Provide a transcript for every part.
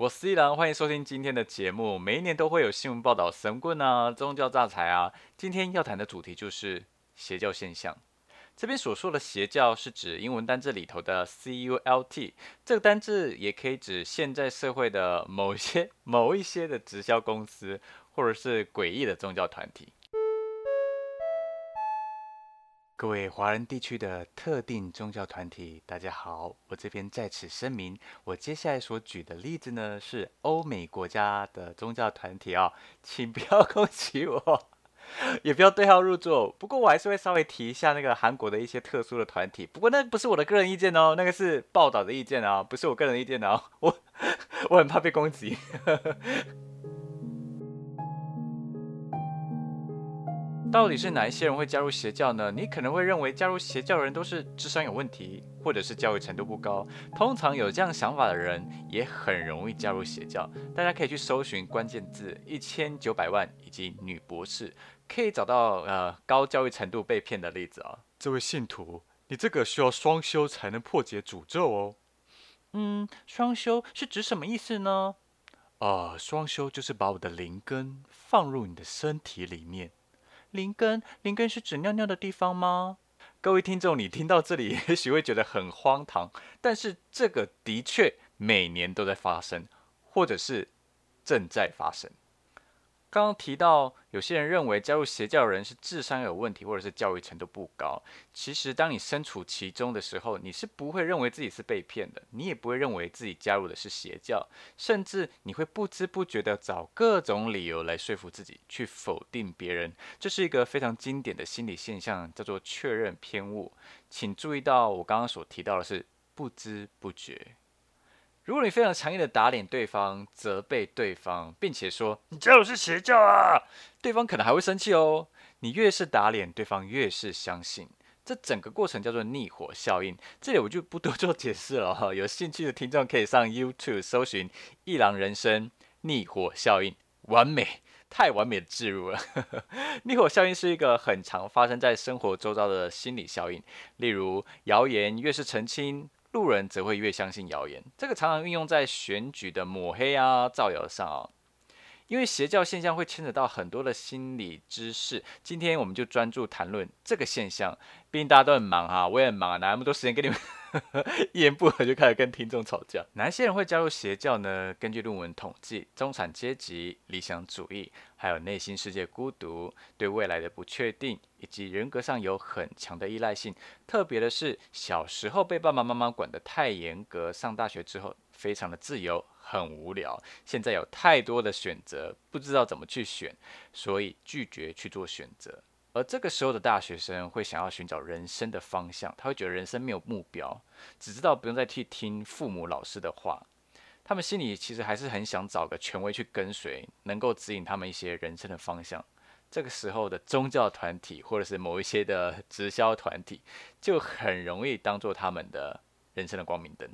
我是一郎，歡迎收聽今天的節目。每一年都會有新聞報道神棍啊、宗教詐財啊。今天要談的主題就是邪教現象。這邊所說的邪教，是指英文單字裡頭的 cult，這個單字也可以指現在社會的某一些、某一些的直銷公司，或者是詭異的宗教團體。各位華人地區的特定宗教團體，大家好，我這邊在此聲明，我接下來所舉的例子呢是歐美國家的宗教團體啊，請不要攻擊我，也不要對號入座。不過我還是會稍微提一下那個韓國的一些特殊的團體。不過那不是我的個人意見哦，那個是報道的意見啊，不是我個人意見啊。我我很怕被攻擊。 到底是哪一些人會加入邪教呢？你可能會認為加入邪教的人都是智商有問題，或者是教育程度不高。通常有這樣想法的人也很容易加入邪教。大家可以去搜尋關鍵字“一千九百萬”以及“女博士”，可以找到呃高教育程度被騙的例子啊、哦。這位信徒，你這個需要雙修才能破解詛咒哦。嗯，雙修是指什麼意思呢？啊、呃，雙修就是把我的靈根放入你的身體裡面。靈根，靈根是指尿尿的地方嗎？各位聽眾，你聽到這裡，也許會覺得很荒唐，但是這個的確每年都在發生，或者是正在發生。剛剛提到，有些人認為加入邪教的人是智商有問題，或者是教育程度不高。其實，當你身處其中的時候，你是不會認為自己是被騙的，你也不會認為自己加入的是邪教，甚至你會不知不覺地找各種理由來說服自己去否定別人。這是一個非常經典的心理現象，叫做確認偏誤。請注意到我剛剛所提到的是不知不覺。如果你非常強硬的打臉對方、責備對方，並且說“你就是邪教啊”，對方可能還會生氣哦。你越是打臉，對方越是相信。這整個過程叫做逆火效應。這裡我就不多做解釋了哈、哦。有興趣的聽眾可以上 YouTube 搜尋“一郎人生逆火效應”，完美，太完美的置入了。 逆火效應是一個很常發生在生活周遭的心理效應。例如，謠言越是澄清，路人則會越相信謠言，這個常常運用在選舉的抹黑啊、造謠上啊、哦。因為邪教現象會牽扯到很多的心理知識，今天我們就專注談論這個現象。畢竟大家都很忙哈、啊，我也很忙啊，哪有那麼多時間跟你們呵呵，一言不合就開始跟聽眾吵架？哪些人會加入邪教呢？根據論文統計，中產階級、理想主義，還有內心世界孤獨、對未來的不確定，以及人格上有很強的依賴性。特別的是，小時候被爸爸媽媽管得太嚴格，上大學之後非常的自由。很無聊，現在有太多的選擇，不知道怎麼去選，所以拒絕去做選擇。而這個時候的大學生會想要尋找人生的方向，他會覺得人生沒有目標，只知道不用再去聽父母、老師的話。他們心裡其實還是很想找個權威去跟隨，能夠指引他們一些人生的方向。這個時候的宗教團體或者是某一些的直銷團體，就很容易當做他們的人生的光明燈。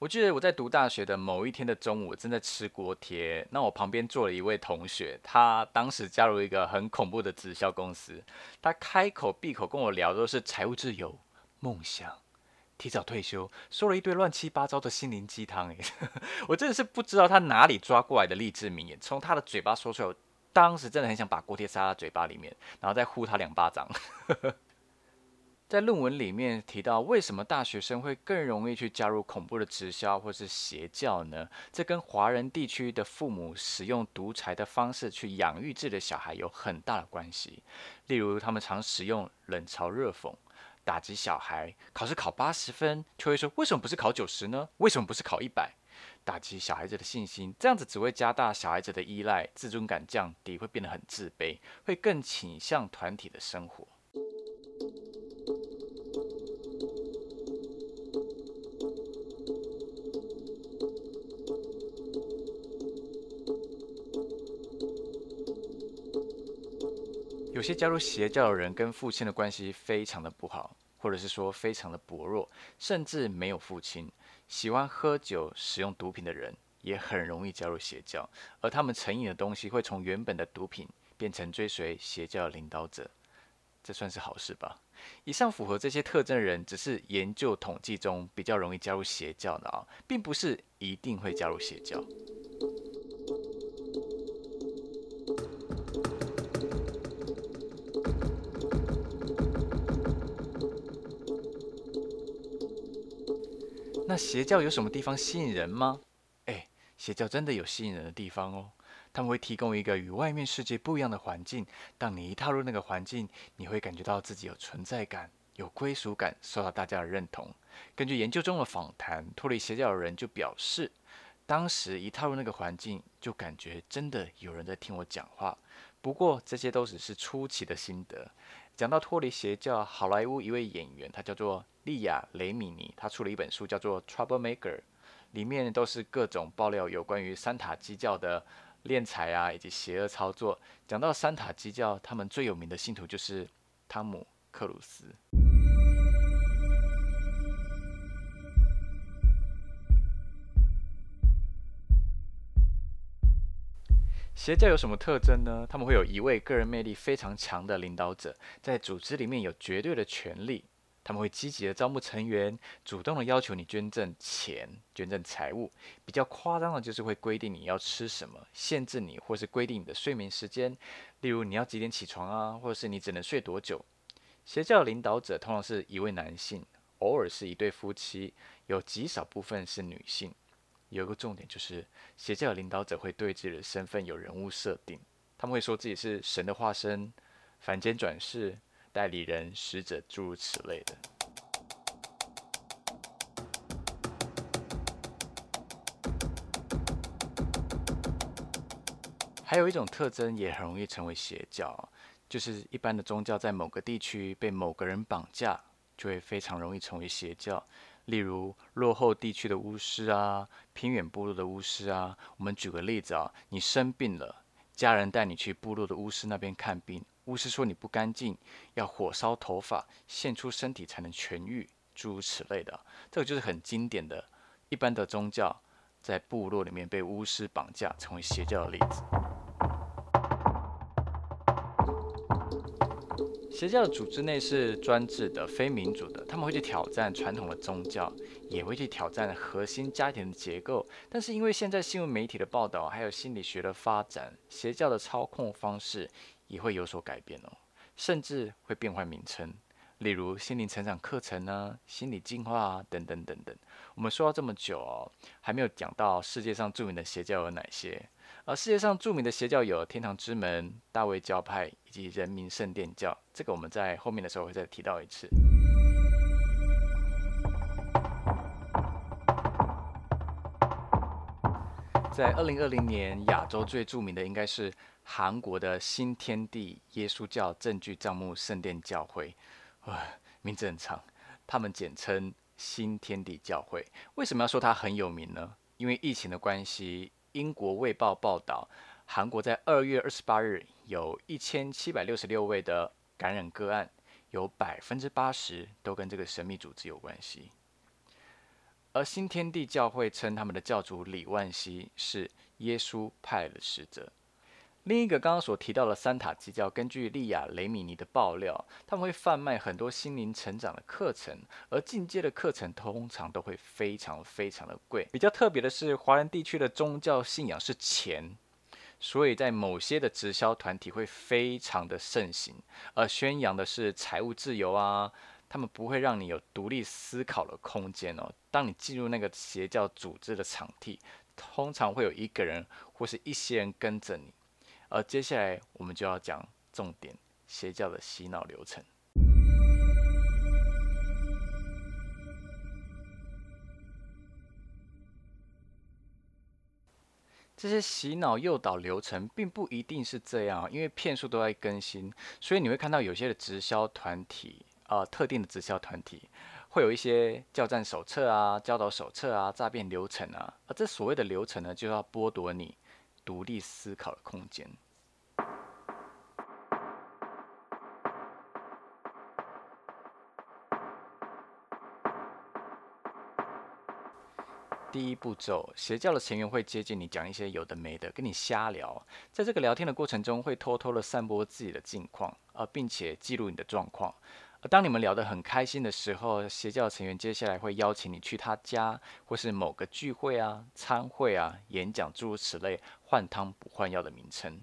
我記得我在讀大學的某一天的中午，正在吃鍋貼，那我旁邊坐了一位同學，他當時加入一個很恐怖的直銷公司，他開口閉口跟我聊的都是財務自由、夢想、提早退休，說了一堆亂七八糟的心靈雞湯，哎， 我真的是不知道他哪裡抓過來的勵志名言，從他的嘴巴說出來，我當時真的很想把鍋貼塞他嘴巴裡面，然後再呼他兩巴掌。 在論文裡面提到，為什麼大學生會更容易去加入恐怖的直銷或是邪教呢？這跟華人地區的父母使用獨裁的方式去養育自己的小孩有很大的關係。例如，他們常使用冷嘲熱諷，打擊小孩。考試考八十分，就會說為什麼不是考九十呢？為什麼不是考一百？打擊小孩子的信心，這樣子只會加大小孩子的依賴，自尊感降低，會變得很自卑，會更傾向團體的生活。有些加入邪教的人跟父親的關係非常的不好，或者是說非常的薄弱，甚至沒有父親。喜歡喝酒、使用毒品的人也很容易加入邪教，而他們成癮的東西會從原本的毒品變成追隨邪教的領導者，這算是好事吧？以上符合這些特徵的人只是研究統計中比較容易加入邪教的啊，並不是一定會加入邪教。那邪教有什麼地方吸引人嗎？哎、欸，邪教真的有吸引人的地方哦。他們會提供一個與外面世界不一樣的環境，當你一踏入那個環境，你會感覺到自己有存在感、有歸屬感，受到大家的認同。根據研究中的訪談，脫離邪教的人就表示，當時一踏入那個環境，就感覺真的有人在聽我講話。不過，這些都只是初期的心得。講到脫離邪教，好萊塢一位演員，他叫做利亞雷米尼，他出了一本書叫做《Troublemaker》，裡面都是各種爆料，有關於山達基教的斂財啊，以及邪惡操作。講到山達基教，他們最有名的信徒就是湯姆克魯斯。邪教有什麼特徵呢？他們會有一位個人魅力非常強的領導者，在組織裡面有絕對的權利。他們會積極的招募成員，主動的要求你捐贈錢、捐贈財物。比較誇張的就是會規定你要吃什麼，限制你，或是規定你的睡眠時間，例如你要幾點起床啊，或者是你只能睡多久。邪教的領導者通常是一位男性，偶爾是一對夫妻，有極少部分是女性。有一個重點就是，邪教領導者會對自己的身份有人物設定，他們會說自己是神的化身、凡間轉世、代理人、使者，諸如此類的。還有一種特徵也很容易成為邪教，就是一般的宗教在某個地區被某個人綁架，就會非常容易成為邪教。例如落後地區的巫師啊，偏遠部落的巫師啊，我們舉個例子啊，你生病了，家人帶你去部落的巫師那邊看病，巫師說你不乾淨，要火燒頭髮，獻出身體才能痊癒，諸如此類的啊，這個就是很經典的一般的宗教在部落裡面被巫師綁架成為邪教的例子。邪教的組織內是專制的、非民主的，他們會去挑戰傳統的宗教，也會去挑戰核心家庭的結構。但是，因為現在新聞媒體的報道還有心理學的發展，邪教的操控方式也會有所改變哦，甚至會變換名稱，例如心靈成長課程呢、啊、心理進化啊等等等等。我們說了這麼久哦，還沒有講到世界上著名的邪教有哪些。而世界上著名的邪教有天堂之門、大衛教派以及人民聖殿教，這個我們在後面的時候會再提到一次。在二零二零年，亞洲最著名的應該是韓國的新天地耶穌教證據帳幕聖殿教會，啊，名字很長，他們簡稱新天地教會。為什麼要說它很有名呢？因為疫情的關係。英國衛報報道，韓國在二月二十八日有一千七百六十六位的感染個案，有百分之八十都跟這個神秘組織有關係。而新天地教會稱他們的教主李萬熙是耶穌派的使者。另一個剛剛所提到的三塔基教，根據莉亞雷米尼的爆料，他們會販賣很多心靈成長的課程，而進階的課程通常都會非常非常的貴。比較特別的是，華人地區的宗教信仰是錢，所以在某些的直銷團體會非常的盛行，而宣揚的是財務自由啊。他們不會讓你有獨立思考的空間哦。當你進入那個邪教組織的場地，通常會有一個人或是一些人跟着你。而接下來我們就要講重點：邪教的洗腦流程。這些洗腦誘導流程並不一定是這樣，因為騙術都在更新，所以你會看到有些的直銷團體啊、呃，特定的直銷團體會有一些教戰手冊啊、教導手冊啊、詐騙流程啊，而這所謂的流程呢，就要剝奪你。獨立思考的空間。第一步驟，邪教的成員會接近你，講一些有的沒的，跟你瞎聊。在這個聊天的過程中，會偷偷的散播自己的近況，呃，並且記錄你的狀況。當你們聊得很開心的時候，邪教成員接下來會邀請你去他家，或是某個聚會啊、餐會啊、演講諸如此類換湯不換藥的名稱。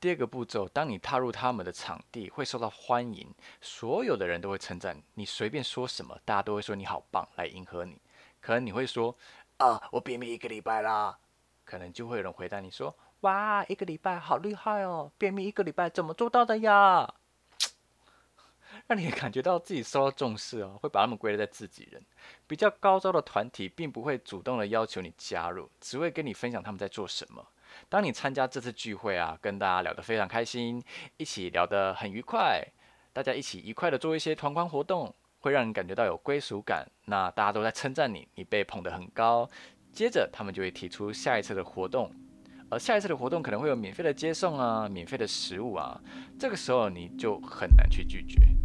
第二個步驟，當你踏入他們的場地，會受到歡迎，所有的人都會稱讚你。隨便說什麼，大家都會說你好棒，來迎合你。可能你會說：“啊，我便秘一個禮拜啦。”可能就會有人回答你說：“哇，一個禮拜好厲害哦！便秘一個禮拜怎麼做到的呀？”讓你感覺到自己受到重視哦，會把他們歸類在自己人比較高招的團體，並不會主動的要求你加入，只會跟你分享他們在做什麼。當你參加這次聚會啊，跟大家聊得非常開心，一起聊得很愉快，大家一起愉快的做一些團康活動，會讓你感覺到有歸屬感。那大家都在稱讚你，你被捧得很高，接着他們就會提出下一次的活動，而下一次的活動可能會有免費的接送啊，免費的食物啊，這個時候你就很難去拒絕。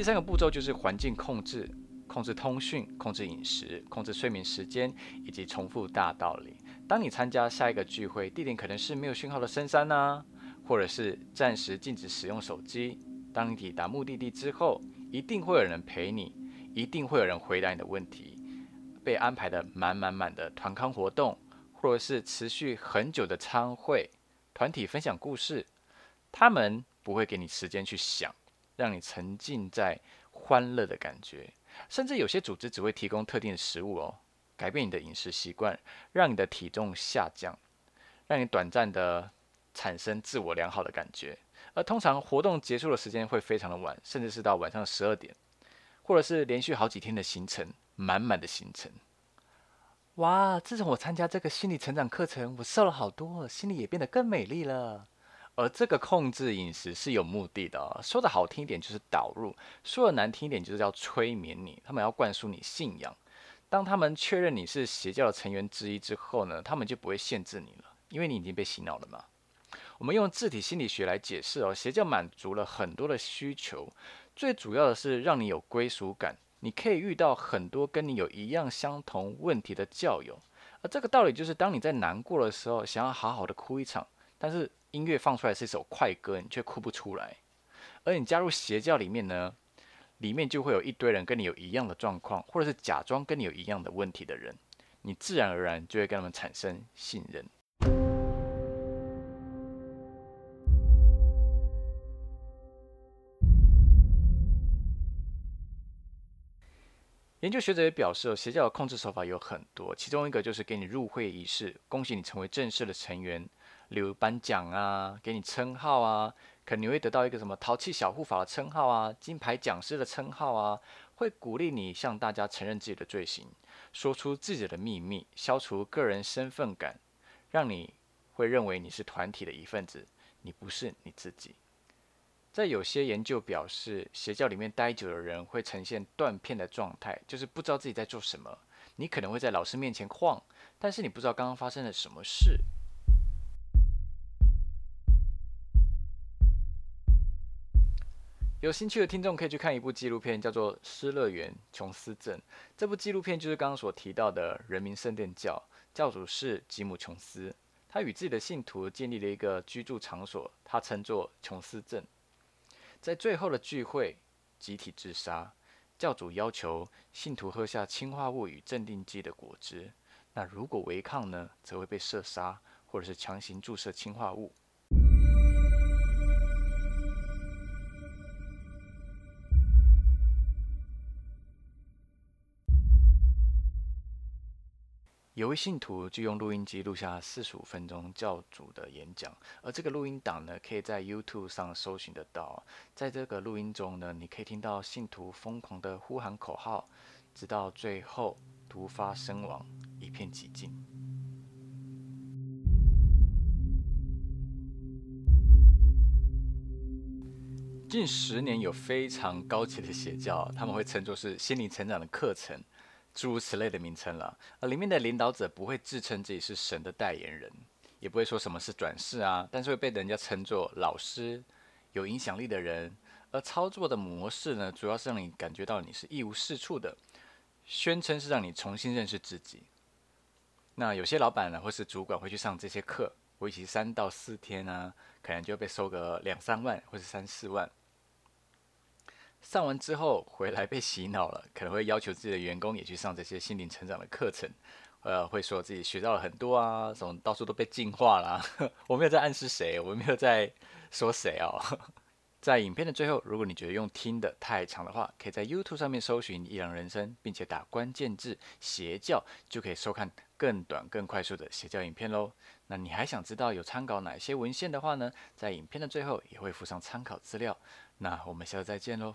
第三個步驟就是環境控制，控制通訊，控制飲食，控制睡眠時間，以及重複大道理。當你參加下一個聚會，地點可能是沒有訊號的深山吶、啊，或者是暫時禁止使用手機。當你抵達目的地之後，一定會有人陪你，一定會有人回答你的問題。被安排的滿滿滿的團康活動，或者是持續很久的餐會、團體分享故事，他們不會給你時間去想。讓你沉浸在歡樂的感覺，甚至有些組織只會提供特定的食物哦，改變你的飲食習慣，讓你的體重下降，讓你短暫的產生自我良好的感覺。而通常活動結束的時間會非常的晚，甚至是到晚上十二點，或者是連續好幾天的行程，滿滿的行程。哇！自從我參加這個心理成長課程，我瘦了好多了，心裡也變得更美麗了。而這個控制飲食是有目的的啊，說得好聽一點就是導入，說得難聽一點就是要催眠你，他們要灌輸你信仰。當他們確認你是邪教的成員之一之後呢，他們就不會限制你了，因為你已經被洗腦了嘛。我們用字體心理學來解釋哦，邪教滿足了很多的需求，最主要的是讓你有歸屬感，你可以遇到很多跟你有一樣相同問題的教友。而這個道理就是，當你在難過的時候，想要好好的哭一場，但是。音樂放出來是一首快歌，你卻哭不出來。而你加入邪教裡面呢，裡面就會有一堆人跟你有一樣的狀況，或者是假裝跟你有一樣的問題的人，你自然而然就會跟他們產生信任。研究學者也表示，邪教的控制手法有很多，其中一個就是給你入會儀式，恭喜你成為正式的成員。例如頒獎啊，給你稱號啊，可能你會得到一個什麼淘氣小護法的稱號啊，金牌講師的稱號啊，會鼓勵你向大家承認自己的罪行，說出自己的秘密，消除個人身份感，讓你會認為你是團體的一份子，你不是你自己。在有些研究表示，邪教裡面待久的人會呈現斷片的狀態，就是不知道自己在做什麼。你可能會在老師面前晃，但是你不知道剛剛發生了什麼事。有興趣的聽眾可以去看一部紀錄片，叫做《失樂園·瓊斯鎮》。這部紀錄片就是剛剛所提到的人民聖殿教，教主是吉姆·瓊斯。他與自己的信徒建立了一個居住場所，他稱作瓊斯鎮。在最後的聚會，集體自殺。教主要求信徒喝下氰化物與鎮定劑的果汁。那如果違抗呢，則會被射殺，或者是強行注射氰化物。有位信徒就用錄音機錄下四十五分鐘教主的演講，而這個錄音檔呢，可以在 YouTube 上搜尋得到。在這個錄音中呢，你可以聽到信徒瘋狂的呼喊口號，直到最後毒發身亡，一片寂靜。近十年有非常高級的邪教，他們會稱作是心靈成長的課程，諸如此類的名稱了，而裡面的領導者不會自稱自己是神的代言人，也不會說什麼是轉世啊，但是會被人家稱作老師、有影響力的人。而操作的模式呢，主要是讓你感覺到你是一無是處的，宣稱是讓你重新認識自己。那有些老板呢，或是主管會去上這些課，為期三到四天呢啊，可能就會被收個兩三萬或者三四萬。上完之後回來被洗腦了，可能會要求自己的員工也去上這些心靈成長的課程，呃，會說自己學到了很多啊，什麼到處都被淨化啦、啊。我沒有在暗示誰，我沒有在說誰哦。 在影片的最後，如果你覺得用聽的太長的話，可以在 YouTube 上面搜尋“一郎人生”，並且打關鍵字“邪教”，就可以收看更短、更快速的邪教影片嘍。那你還想知道有參考哪些文獻的話呢？在影片的最後也會附上參考資料。那我們下次再見嘍。